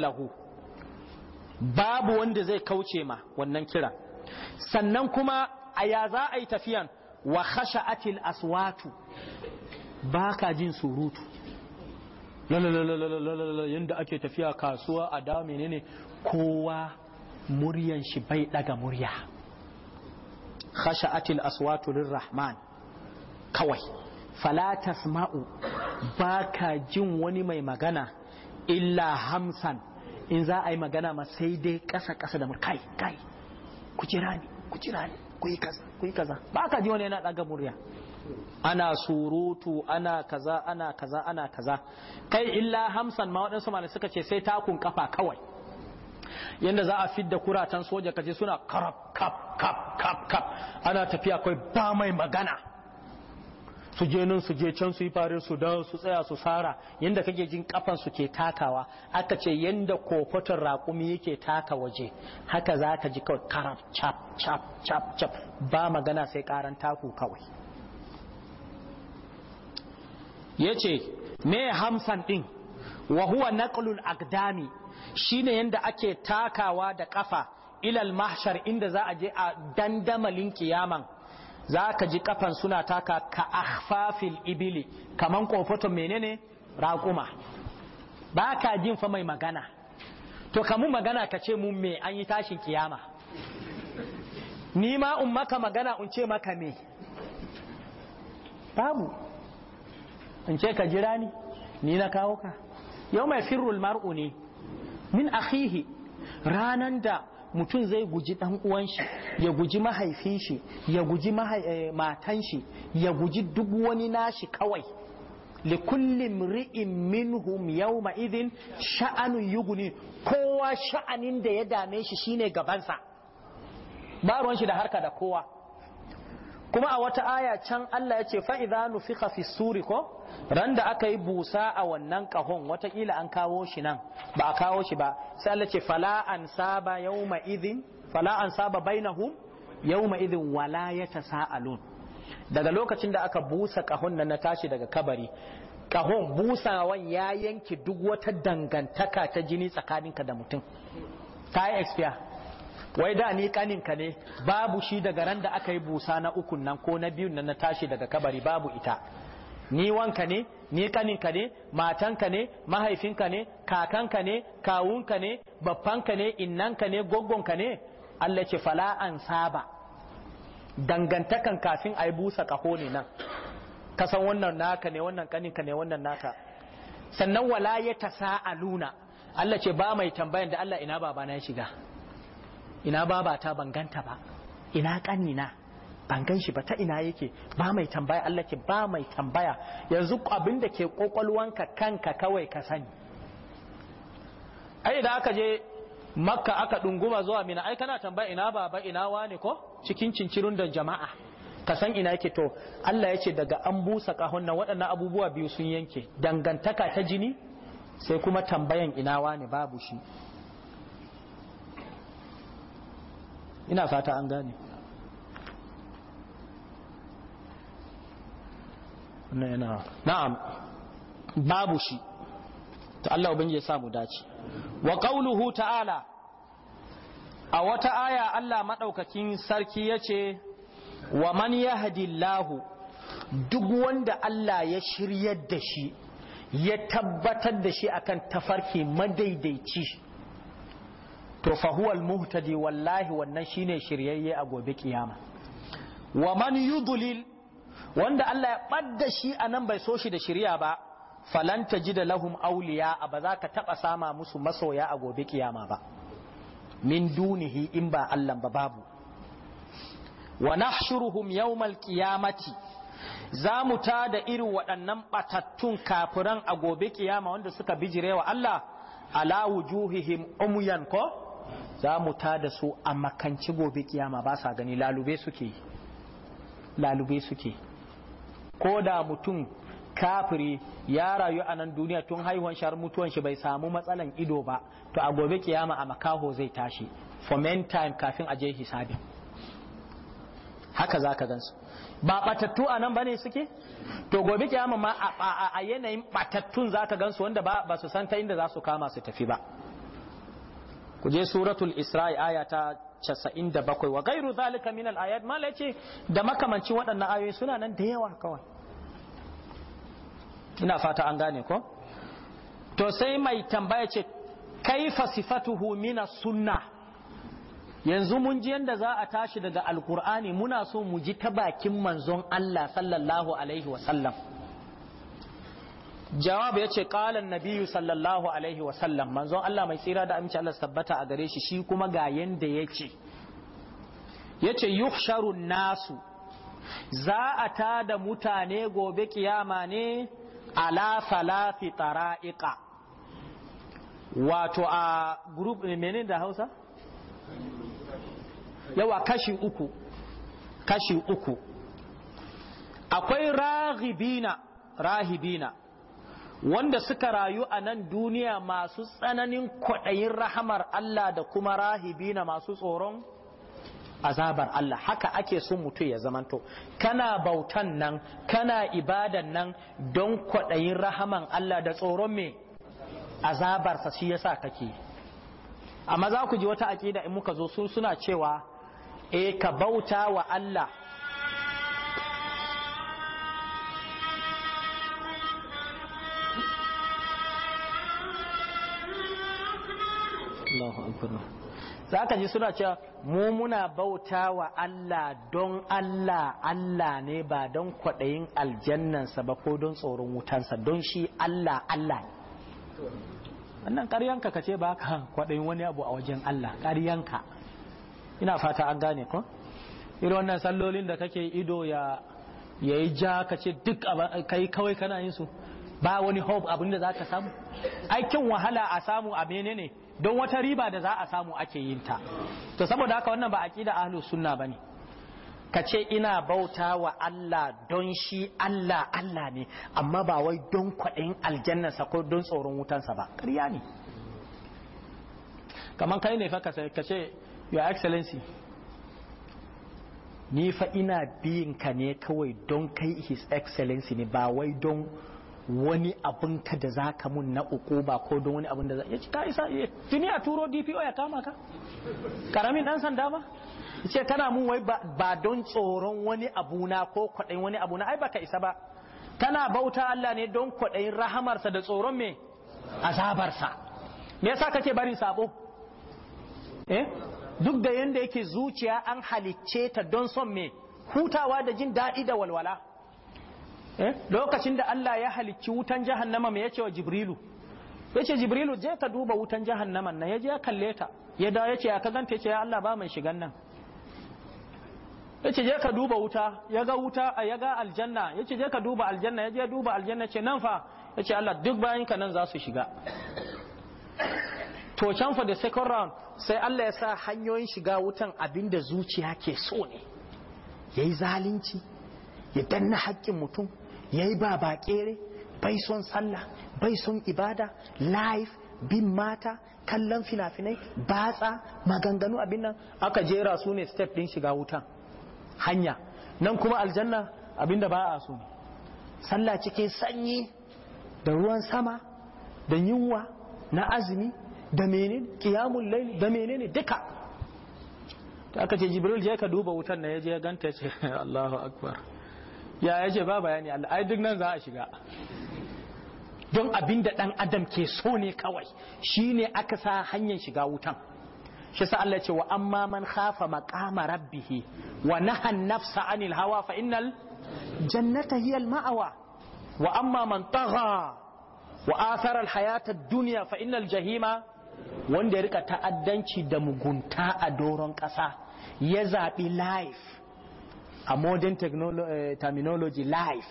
babu wanda zai kauce ma wannan kira sannan kuma a ya za a yi tafiyan wa khasha'atil aswatu baka jin surutu lalalala yadda ake tafiya kasuwa a da menene kowa muryan shi bai daga murya khasha'atil aswatu lirrahman kawai fala tasma'u baka jin wani mai magana illa hamsan in za a yi magana ma sai dai kasa kasa da kai kai ku jira ni ku jira ni ku yi kaza ba ka ji wani yana daga murya ana surutu ana kaza ana kaza ana kaza kai illa hamsan ma waɗansu malai suka ce sai takun kafa kawai yanda za a fidda kuratan soja kaje suna karab kap kap kap kap ana tafiya kai ba mai magana su je nan su je can su yi fare su dawo su tsaya su sara yadda kake jin kafan su ke takawa aka ce yadda kofatar raƙumi yake taka waje haka za ka ji kawai karaf chap chap chap chap ba magana sai karan taku kawai ya ce me hamsan ɗin wa huwa naqlul aqdami shine yadda ake takawa da kafa ilal mahshar inda za a je a dandamalin kiyaman za ka ji kafan suna taka ka akhfafil ibili kaman kofoton menene raƙuma ba ka jin fa mai magana to kamun magana ka ce mun me an yi tashin kiyama ni ma in maka magana in ce maka me babu in ce ka jira ni ni na kawo ka yau mai firul mar'u ne min akhihi ranan da mutum zai guji dan uwan shi ya guji mahaifin shi ya guji eh, matan shi ya guji duk wani nashi kawai li kulli mri'in minhum yawma idhin sha'anu yughni kowa sha'anin da ya dame shi shine gabansa ba ruwan shi da harka da kowa kuma a wata aya can Allah ya ce fa'iza nufika fi suri ko ran aka yi busa a wannan kahon watakila an kawo shi nan ba a kawo shi ba sai Allah ce fala an saba yawma idhin fala an saba bainahum yawma idhin wala yatasaalun daga lokacin da aka busa kahon nan na tashi daga kabari kahon busawan ya yanke duk wata dangantaka ta jini tsakaninka da mutum ta yi expire wai da ni kaninka ne babu shi daga ran da aka yi busa na ukun nan ko na biyun nan na tashi daga kabari babu ita ni wanka ne ni kaninka ne matanka ne mahaifinka ne kakanka ne kawunka ne babbanka ne innanka ne goggonka ne Allah ce fala an saba dangantakan kafin a yi busa kaho ne nan ka san wannan naka ne wannan kaninka ne wannan naka sannan wala ya luna Allah ce ba mai tambayan da Allah ina babana ya shiga ina babata ban ganta ba ina kanina ban gan shi ba ta ina yake ba mai tambaya Allah ke ba mai tambaya yanzu abin da ke kwakwalwanka kanka kawai ka sani ai da aka je makka aka dunguma zuwa mina ai kana tambaya ina baba ina wane ko cikin cincirun da jama'a ka san ina yake to Allah ya ce daga an busa kahon nan waɗannan abubuwa biyu sun yanke dangantaka ta jini sai kuma tambayan ina wane babu shi ina fata an gane na'am babu shi ta Allah ubangiji ya samu dace wa qauluhu ta'ala a wata aya Allah madaukakin sarki yace wa man yahdillahu duk wanda Allah ya shiryar da shi ya tabbatar da shi akan tafarki madaidaici to fahuwal muhtadi wallahi wannan shine shiryayye a gobe kiyama wa man yudlil wanda Allah ya badda shi anan bai so shi da shirya ba falan da lahum awliya ba za ka taba sama musu masoya a gobe kiyama ba min dunihi in ba Allah ba babu wa nahshuruhum yawmal qiyamati za mu ta da irin waɗannan batattun kafiran a gobe kiyama wanda suka bijirewa Allah ala wujuhihim umyan ko za mu ta da su a makanci gobe kiyama ba sa gani lalube suke lalube suke ko da mutum kafiri ya rayu a nan duniya tun haihuwan shar mutuwan shi bai samu matsalan ido ba to a gobe kiyama a makaho zai tashi for main time kafin a je hisabin haka za ka gansu ba batattu a nan ba ne suke to gobe kiyama ma a yanayin batattun za ka gansu wanda ba su san ta inda za su kama su tafi ba ku je suratul isra'i aya ta 97 wa gairu zalika min al ayat mala yace da makamancin waɗannan ayoyi suna nan da yawa kawai ina fata an gane ko to sai mai tambaya ce kaifa sifatuhu min sunna yanzu mun ji yanda za a tashi daga alkur'ani muna so mu ji ta bakin manzon Allah sallallahu alaihi wa sallam jawab ya ce ƙalan nabiyu sallallahu alaihi wasallam manzon Allah mai tsira da amince Allah tabbata a gare shi shi kuma ga yanda ya ce ya ce yuhsharun nasu za a ta da mutane gobe kiyama ne ala salafi tara'iqa wato a group menene da hausa yawa kashi uku kashi uku akwai rahibina rahibina wanda suka rayu a nan duniya masu tsananin kwaɗayin rahamar Allah da kuma rahibi na masu tsoron azabar Allah haka ake son mutu ya zamanto kana bautan nan kana ibadan nan don kwaɗayin rahaman Allah da tsoron me azabarsa shi yasa kake amma za ku ji wata aƙida in muka zo su suna cewa e ka bauta wa Allah Allahu akbar za ka ji suna cewa mu muna bauta wa Allah don Allah Allah ne ba don kwaɗayin aljannansa ba ko don tsoron wutansa don shi Allah Allah ne wannan ƙaryanka ka ce ba ka kwaɗayin wani abu a wajen Allah ƙaryanka ina fata an gane ko irin wannan sallolin da kake ido ya yayi ja ka ce duk kai kawai kana yin su ba wani hope abin da za ka samu aikin wahala a samu a menene ne don wata riba da za a samu ake yin ta to saboda haka wannan ba a aqida ahlu sunna bane ka ce ina bauta wa Allah don shi Allah Allah ne amma ba wai don kwaɗayin aljannarsa ko don tsoron wutansa ba ƙarya ne kamar kai ne fa ka ce your excellency ni fa ina biyin ka ne kawai don kai his excellency ne ba wai don wani abin ka da za ka mun na uku ba ko don wani abin da za ya ci ka isa eh, tuni a turo dpo ya kama ka karamin dan sanda ba ce kana mun wai ba don tsoron wani abu na ko kwaɗayin wani abu na ai baka isa ba kana bauta Allah ne don kwaɗayin rahamarsa da tsoron me azabarsa me yasa kake barin sabo eh duk da yanda yake zuciya an halicce ta don son me hutawa da jin daɗi da walwala Eh? lokacin da Allah ya halicci wutan jahannama me yace wa jibrilu ce jibrilu je ka duba wutan jahannaman nan je ya kalle ta ya ya ce ya kazanta ce ya Allah ba mai shigan nan Ya ce je ka duba wuta Ya ga wuta a ya ga aljanna Ya ce je ka duba aljanna Ya ya duba aljanna ce nan fa Ya ce Allah duk bayan ka nan za su shiga to can fa the second round sai Allah ya sa hanyoyin shiga wutan abinda zuciya ke so ne yayi zalunci ya danna haƙƙin mutum yayi ba ba kere bai son sallah bai son ibada life bin mata kallon fina-finai batsa maganganu abin nan aka jera su ne step din shiga wuta hanya nan kuma aljanna abinda ba a so ne sallah cikin sanyi da ruwan sama da yunwa na azumi da menene kiyamun layl da menene duka ta aka ce jibril je ka duba wutan na ya je ganta ce Allahu akbar ya yace ba bayani Allah ai duk nan za a shiga don abin da ɗan adam ke so ne kawai shine aka sa hanyar shiga wutan shi sa Allah ce wa amma man khafa maqama rabbih wa naha nafsa anil hawa fa innal jannata hiya al ma'wa wa amma man tagha wa athara al hayata dunya fa innal jahima wanda ya rika ta'addanci da mugunta a doron ƙasa ya zaɓi life a modern eh, terminology life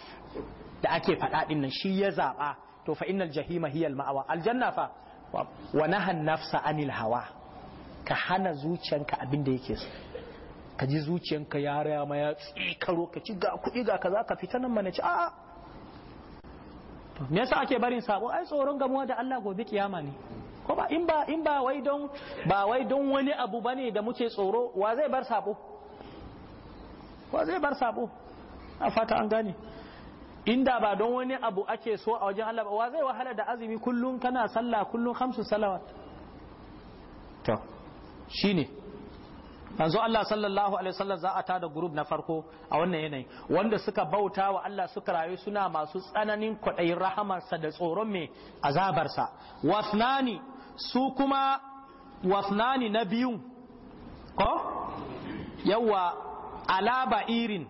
da ake faɗa nan shi ya zaɓa to fa innal jahima hiyal ma'awa aljanna fa wa nahan nafsa anil hawa ka hana zuciyanka abin da yake so ka ji zuciyanka ya raya ma ya tsikaro ka ci ga kuɗi ga kaza ka fita nan mana ci a'a me yasa ake barin sabo ai tsoron gamuwa da Allah gobe kiyama ne ko ba in ba in ba wai don ba wai don wani abu bane da muke tsoro wa zai bar sabo ko zai bar sabo a fata an gane inda ba don wani abu ake so a wajen Allah ba wa zai wahala da azumi kullum kana sallah kullum hamsu salawat to shine manzo Allah sallallahu alaihi wasallam za a tada group na farko a wannan yanayi wanda suka bauta wa Allah suka rayu suna masu tsananin kwaɗayin rahamarsa da tsoron mai azabarsa wasnani su kuma wasnani na biyun ko yawa ala ba'irin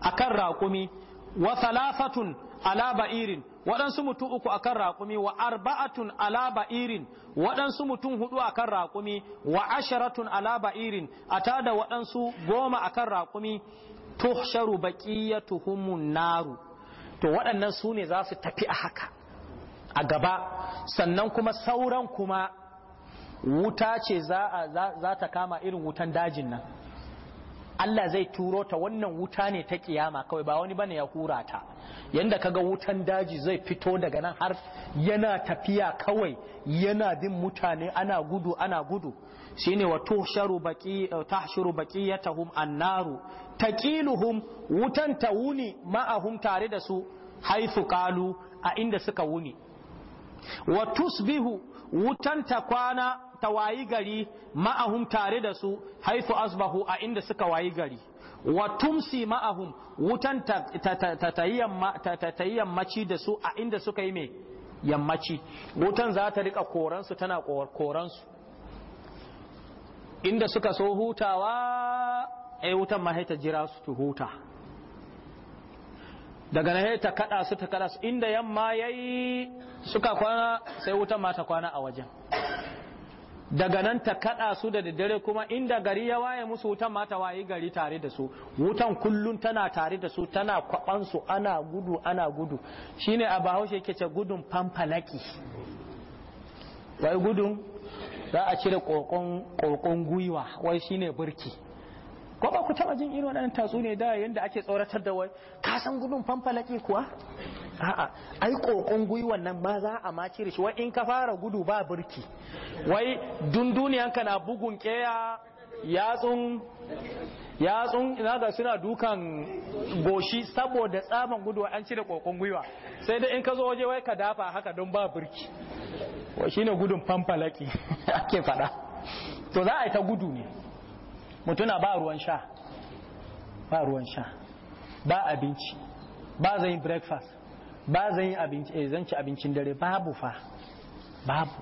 akan raƙumi wa salasatun ala ba'irin waɗansu mutum uku akan raƙumi wa arba'atun ala ba'irin waɗansu mutum hudu akan raƙumi wa asharatun ala ba'irin a tada waɗansu goma akan raƙumi tuhsharu baqiyatuhumun naru to waɗannan su ne za su tafi a haka a gaba sannan kuma sauran kuma wuta ce za ta kama irin wutan dajin nan Allah zai turo ta wannan wuta ne ta kiyama kawai ba wani bane ya hura ta yanda kaga wutan daji zai fito daga nan har yana tafiya kawai yana bin mutane ana gudu ana gudu shine wa tuhsharu baqi tahshuru baqiyatahum annaru taqiluhum wutan tawuni ma'ahum tare da su haifu qalu a inda suka wuni wa tusbihu wutan ta kwana ta wayi gari ma'ahum tare da su haifu asbahu a inda suka wayi gari wa tumsi ma'ahum wutan ta yi yammaci da su a inda suka yi mai yammaci wutan za ta rika koransu tana koransu inda suka so hutawa ai eh, wutan ma ta jira su huta daga nan ta kada su ta kada su inda yamma yayi suka kwana sai wutan ma kwana a wajen daga nan ta kada su da daddare kuma inda gari ya waye musu wutan mata ta wayi gari tare da su wutan kullun tana tare da su tana kwaban su ana gudu ana gudu shine a bahaushe yake ce gudun fanfalaki wai gudun za a cire kokon kokon gwiwa wai shine burki ko ba ku taba jin irin tatsu ne da yanda ake tsoratar da wai ka san gudun fanfalake kuwa a'a ai kokon gwiwan nan ma za a ma cire shi wai in ka fara gudu ba burki wai ka na bugun keya yatsun yatsun ina ga suna dukan goshi saboda tsaban gudu an cire kokon gwiwa sai dai in ka zo waje wai ka dafa haka don ba burki Wai shine gudun fanfalake ake fada to za a yi ta gudu ne mutuna ba ruwan sha ba ruwan sha ba abinci ba zai breakfast ba zai abinci eh zan ci abincin dare babu fa babu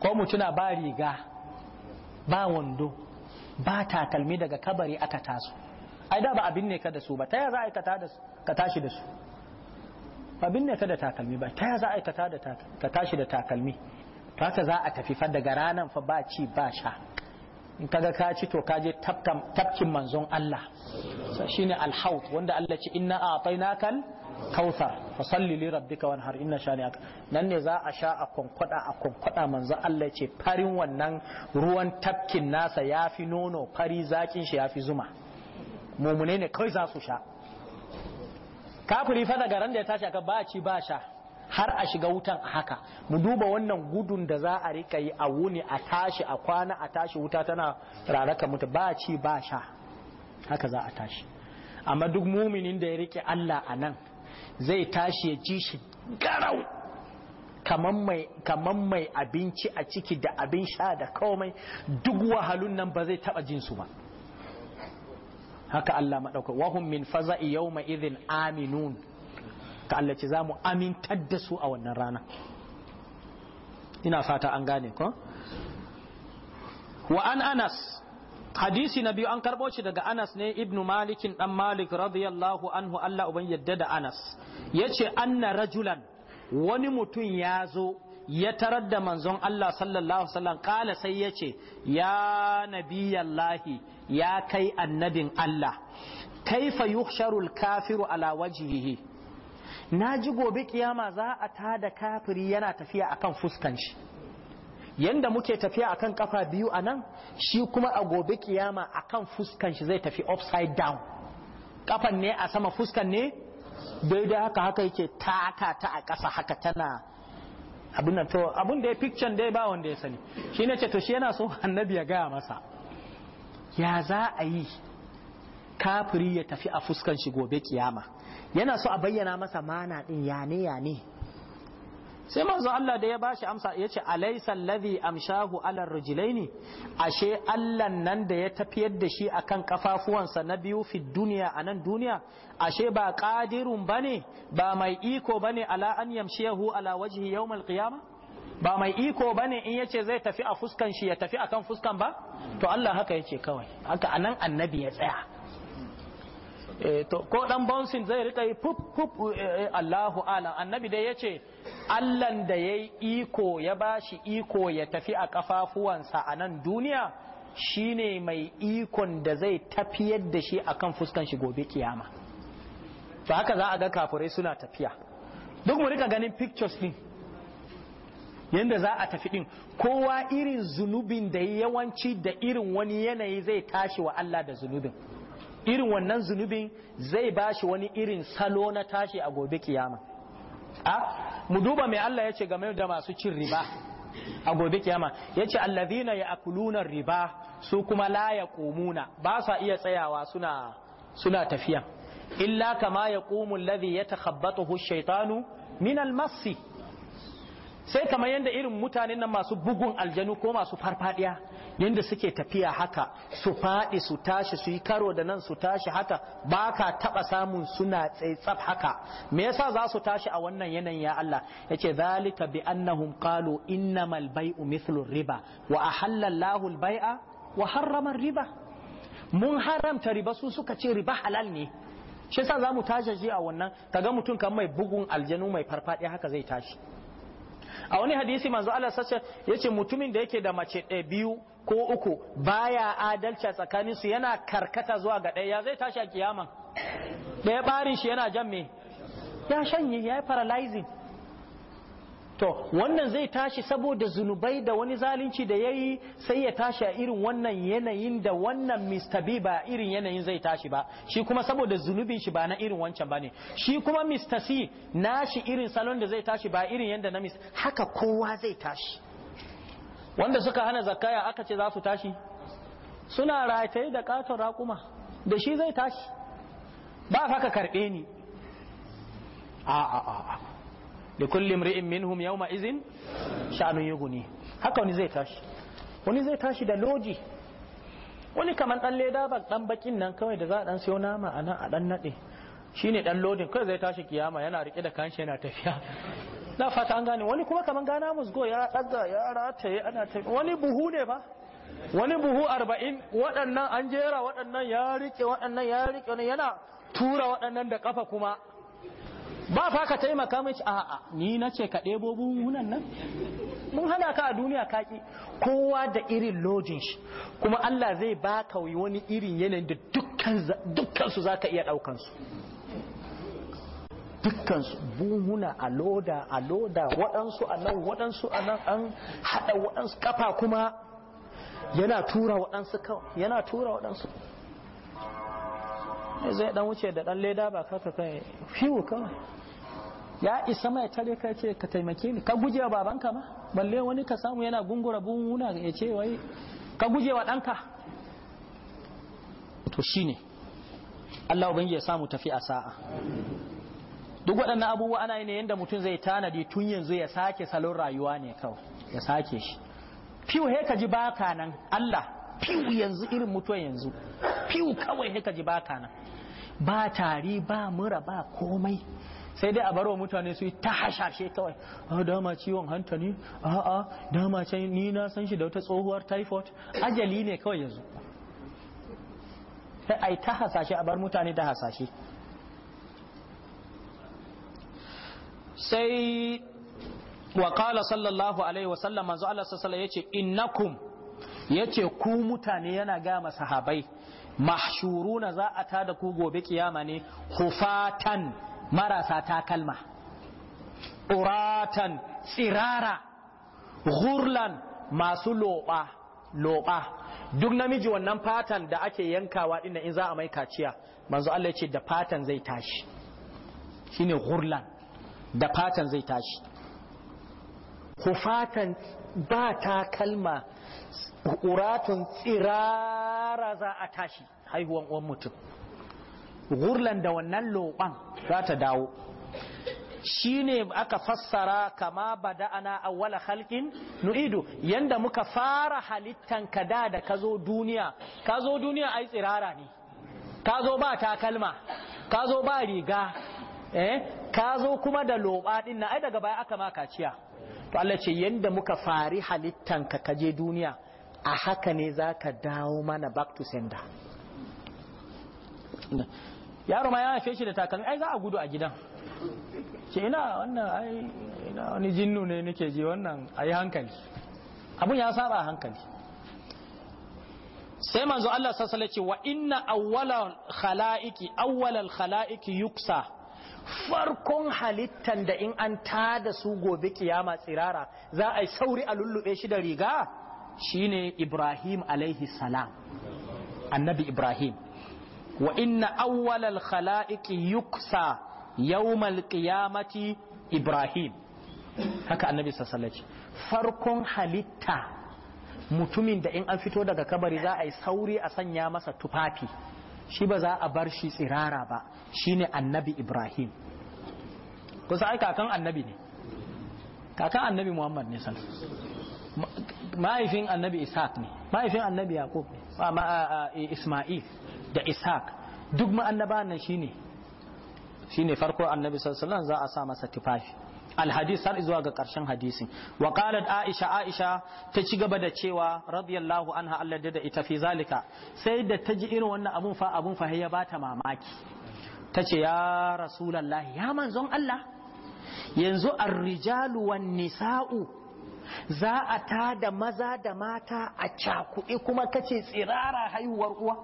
ko mutuna ba riga ba wando ba takalmi daga kabari aka taso ai da ba abin ne ka da su ba ta ya za a aikata ka tashi da su abin ne ka da takalmi ba ta ya za a aikata da ka tashi da takalmi to haka za a tafi fa daga ranan fa ba ci ba sha in kaga ka ci to ka je tafkin manzon Allah shine haut wanda Allah ce inna a'tainakal kautsar fa salli li rabbika wanhar inna shani'aka nan ne za a sha a konkwada a konkwada manzon Allah ce farin wannan ruwan tafkin nasa yafi nono fari zakin shi yafi zuma mumune ne kai za su sha kafiri fa daga ran da ya tashi aka ba ci ba sha har a shiga wutan haka mu duba wannan gudun da za a rika yi a wuni a tashi a kwana a tashi wuta tana raraka mutu ba ci ba sha haka za a tashi amma duk muminin da ya rike Allah a nan zai tashi ya ji shi garau kaman mai abinci a ciki da abin sha da komai duk wahalun nan ba zai taba jin su ba haka Allah maɗauka wahum min faza'i yawma idhin aminun ta Allah ce za mu amintar da su a wannan rana ina fata an gane ko wa an anas hadisi na biyu an karɓo shi daga anas ne ibnu malikin dan malik radiyallahu anhu allah uban yadda da anas ya ce anna rajulan wani mutum ya zo ya tarar da manzon allah sallallahu sallam kala sai ya ce ya nabiyallahi ya kai annabin allah kaifa yuhsharul kafiru ala wajihihi na ji gobe kiyama za a tada kafiri yana tafiya akan fuskan shi yanda muke tafiya akan kafa biyu a nan shi kuma a gobe kiyama akan fuskan shi zai tafi upside down kafan ne a sama fuskan ne da haka haka yake taka ta a ƙasa haka tana abin nan to abin da ya picture dai ba wanda ya sani shi ne ce to shi yana so annabi ya gaya masa ya za a yi kafiri ya tafi a fuskan shi gobe kiyama yana so a bayyana masa mana din yane yane sai manzo Allah da ya bashi amsa ya ce alaysa alladhi amshahu ala rijlaini ashe Allah nan da ya tafiyar da shi akan kafafuwansa na biyu fi duniya anan duniya ashe ba qadirun bane ba mai iko bane ala an yamshiyahu ala wajhi yawm alqiyama ba mai iko bane in yace zai tafi a fuskan shi ya tafi akan fuskan ba to Allah haka yace kawai haka anan annabi ya tsaya Eh, to ko dan bouncing zai rika yi pup pup eh, eh, Allahu ala annabi dai yace Allahn da yayi iko ya bashi iko ya tafi a kafafuwansa a nan duniya shine mai ikon da zai tafiyar da shi akan fuskan shi gobe kiyama to haka za a ga kafurai suna tafiya duk mu rika ganin pictures din yanda za a tafi din kowa irin zunubin da yawanci da irin wani yanayi zai tashi wa Allah da zunubin irin wannan zunubin zai bashi wani irin salo na tashi a gobe kiyama a mu duba mai Allah ya ce game da masu cin riba a gobe kiyama ya ce allazina ya akulunan riba su kuma la ya komuna ba sa iya tsayawa suna suna tafiya illa kama ya komu lazi ya hu shaitanu min almasi sai kamar yadda irin mutanen nan masu bugun aljanu ko masu farfadiya yadda suke tafiya haka su faɗi su tashi su yi karo da nan su tashi haka ba ka taɓa samun suna tsaitsaf haka me yasa za su tashi a wannan yanayin ya Allah ya ce zalika bi annahum qalu innamal bai'u mithlu riba wa ahalla Allahu al-bai'a wa harrama riba mun haramta riba su suka ce riba halal ne shi yasa za mu tashi ji a wannan kaga mutum kan mai bugun aljanu mai farfaɗi haka zai tashi a wani hadisi manzo Allah sace ya ce mutumin da yake da mace ɗaya biyu ko uku baya adalci tsakanin su yana karkata zuwa ga ɗaya zai tashi a kiyama ɗaya barin shi yana jan me ya shanye ya yi paralyzing to wannan zai tashi saboda zunubai da wani zalunci da yayi sai ya tashi a irin wannan yanayin da wannan Mr. B ba irin yanayin zai tashi ba shi kuma saboda zunubin shi ba na irin wancan bane shi kuma Mr. C nashi irin salon da zai tashi ba irin yanda na Mr. haka kowa zai tashi wanda suka hana zakaya aka ce za su tashi suna rataye da katon raƙuma da shi zai tashi ba fa karɓe ni a a a da kullum ri'in minhum yawma izin sha'anun ne haka wani zai tashi wani zai tashi da loji wani kamar dan leda ba dan bakin nan kawai da za a dan siyo nama a nan a dan nade ne dan lodin kawai zai tashi kiyama yana rike da kanshi yana tafiya na fata an gane wani kuma kaman gana musgo ya ɗaga ya rataye ana ta wani buhu ne ba wani buhu arba'in waɗannan an jera waɗannan ya rike waɗannan ya rike wani yana tura waɗannan da ƙafa kuma ba fa ka taimaka mai a a'a ni na ce ka ɗebo buhunan nan mun hana ka a duniya kaki kowa da irin lojin shi kuma Allah zai baka wani irin yanayin da dukkan su zaka iya ɗaukansu. su dukkansu buhuna a loda a loda waɗansu a nan waɗansu a nan an haɗa waɗansu kafa kuma yana tura waɗansu kawai yana tura waɗansu zai ɗan wuce da ɗan leda ba ka kai fiwu kawai ya isa mai tare ka ce ka taimake ni ka guje wa babanka ma balle wani ka samu yana gungura buhuna ya ce wai ka guje wa ɗanka to shine Allah ubangiji ya samu tafi a sa'a duk waɗannan abubuwa ana yi ne yadda mutum zai tanadi tun yanzu ya sake salon rayuwa ne kawai ya sake shi fiye he ka ji baka nan Allah fiye yanzu irin mutuwa yanzu fiye kawai he ka ji baka nan ba tari ba mura ba komai sai dai a baro mutane su yi ta hashashe kawai a ah, dama ciwon hanta ne a a dama can ni na san shi da wata tsohuwar typhoid ajali ne kawai yanzu sai ai ta hasashe a bar mutane ta hasashe sai wa kala sallallahu alaihi wa sallam manzo Allah sallallahu alaihi yace innakum yace ku mutane yana ga masahabai mahshuruna za a ta da ku gobe kiyama ne hufatan marasa takalma uratan tsirara gurlan masu loba loba duk namiji wannan fatan da ake yankawa din in za a mai kaciya manzo Allah yace da fatan zai tashi shine gurlan da fatan zai tashi ku fatan ba ta kalma ƙuratun tsirara za a tashi haihuwan uwan mutum gurlan da wannan loban za ta dawo ne aka fassara kama ana awwala halkin nu'idu yanda muka fara halittan ka da da zo duniya ka zo duniya ai tsirara ne ka zo ba takalma zo ba riga eh ka zo kuma da loba din na ai daga baya aka ma kaciya to Allah ce yanda muka fari halittan ka kaje duniya a haka ne zaka dawo mana back to sender yaro ma ya haife shi da takalmi ai za a gudu a gidan ce ina wannan ai ina wani jinnu ne nake ji wannan ai hankali abun ya saba a hankali sai manzo Allah sassale ce wa inna awwalal khalaiki awwalal khalaiki yuksa farkon halittan da in an tada su gobe kiyama tsirara za a yi sauri a lullube shi da riga shine Ibrahim alaihi salam annabi Ibrahim wa inna awwalal khala'iqi yuksa yawmal qiyamati Ibrahim haka annabi sasallaci farkon halitta mutumin da in an fito daga kabari za a yi sauri a sanya masa tufafi shi ba za a bar shi tsirara ba shine annabi ibrahim kusa ai kakan annabi ne kakan annabi muhammad ne san mahaifin annabi ishaq ne mahaifin annabi yaqub ne e, isma'il da ishaq duk ma'annaba nan shi shine farko annabi sallallahu alaihi wasallam za a sa masa tufafi alhadis har zuwa ga karshen hadisin wa aisha aisha ta ci gaba da cewa radiyallahu anha Allah da ita fi zalika sai da ta ji irin wannan abun fa abun fa ya bata mamaki ta ce ya rasulullahi ya manzon Allah yanzu ar-rijalu wan nisa'u za a ta da maza da mata a cakuɗi kuma kace tsirara haihuwar uwa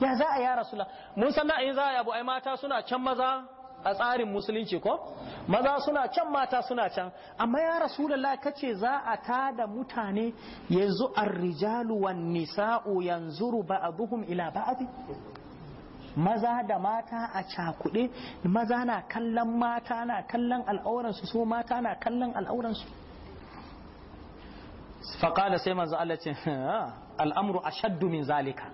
ya za a ya rasulullah mun san za a yabo ai mata suna can maza a tsarin musulunci ko maza suna can mata suna can amma ya rasulullah kace za a tada mutane yanzu ar-rijalu wan nisa'u yanzuru ba'dhum ila ba'd maza da mata a cakuɗe maza na kallon mata na kallon al'auransu su mata na kallon al'auransu faƙala sai manzo Allah ce al'amru ashaddu min zalika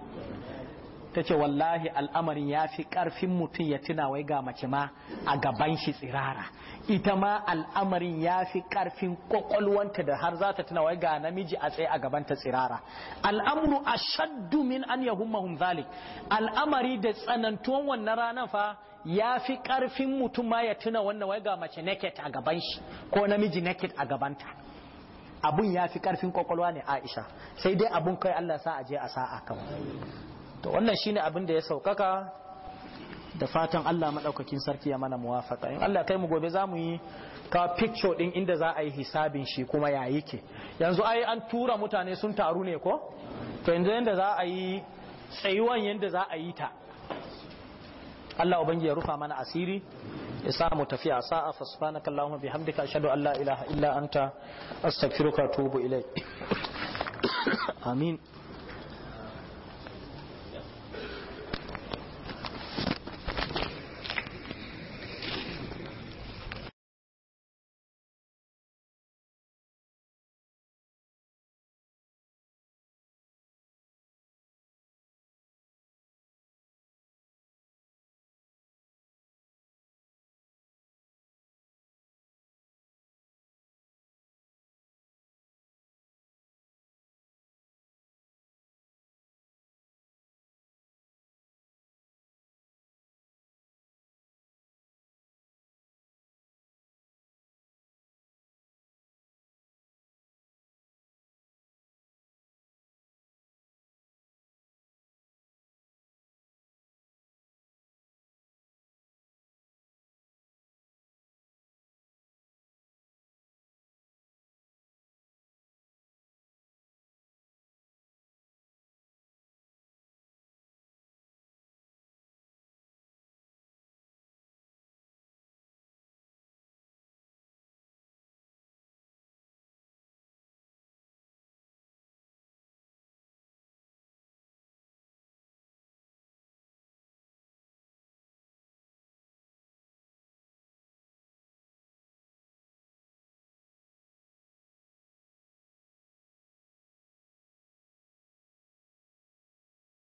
ta ce wallahi al'amarin ya fi ƙarfin mutum ya tuna wai ga mace ma a gaban shi tsirara ita ma al'amarin ya fi ƙarfin ƙwaƙwalwanta da har za ta tuna wai ga namiji a tsaye a gaban ta tsirara al'amru a shaddu min an yahummahum zalik al'amari da tsanantuwan wannan ranar fa ya fi ƙarfin mutum ma ya tuna wannan wai ga mace naked a gaban shi ko namiji naked a gaban ta abun ya fi ƙarfin ƙwaƙwalwa ne aisha sai dai abun kai allah sa a je a sa'a kawai to wannan shine abin da ya saukaka da fatan Allah madaukakin sarki ya mana muwafaka in Allah kai mu gobe zamu yi ka picture din inda za a yi hisabin shi kuma ya yake yanzu ai an tura mutane sun taru ne ko to yanzu yanda za a yi tsayuwan yanda za a yi ta Allah ubangi ya rufa mana asiri ya sa mu tafiya a sa'a fa subhanaka allahumma bihamdika ashhadu an la ilaha illa anta astaghfiruka wa atubu ilaik amin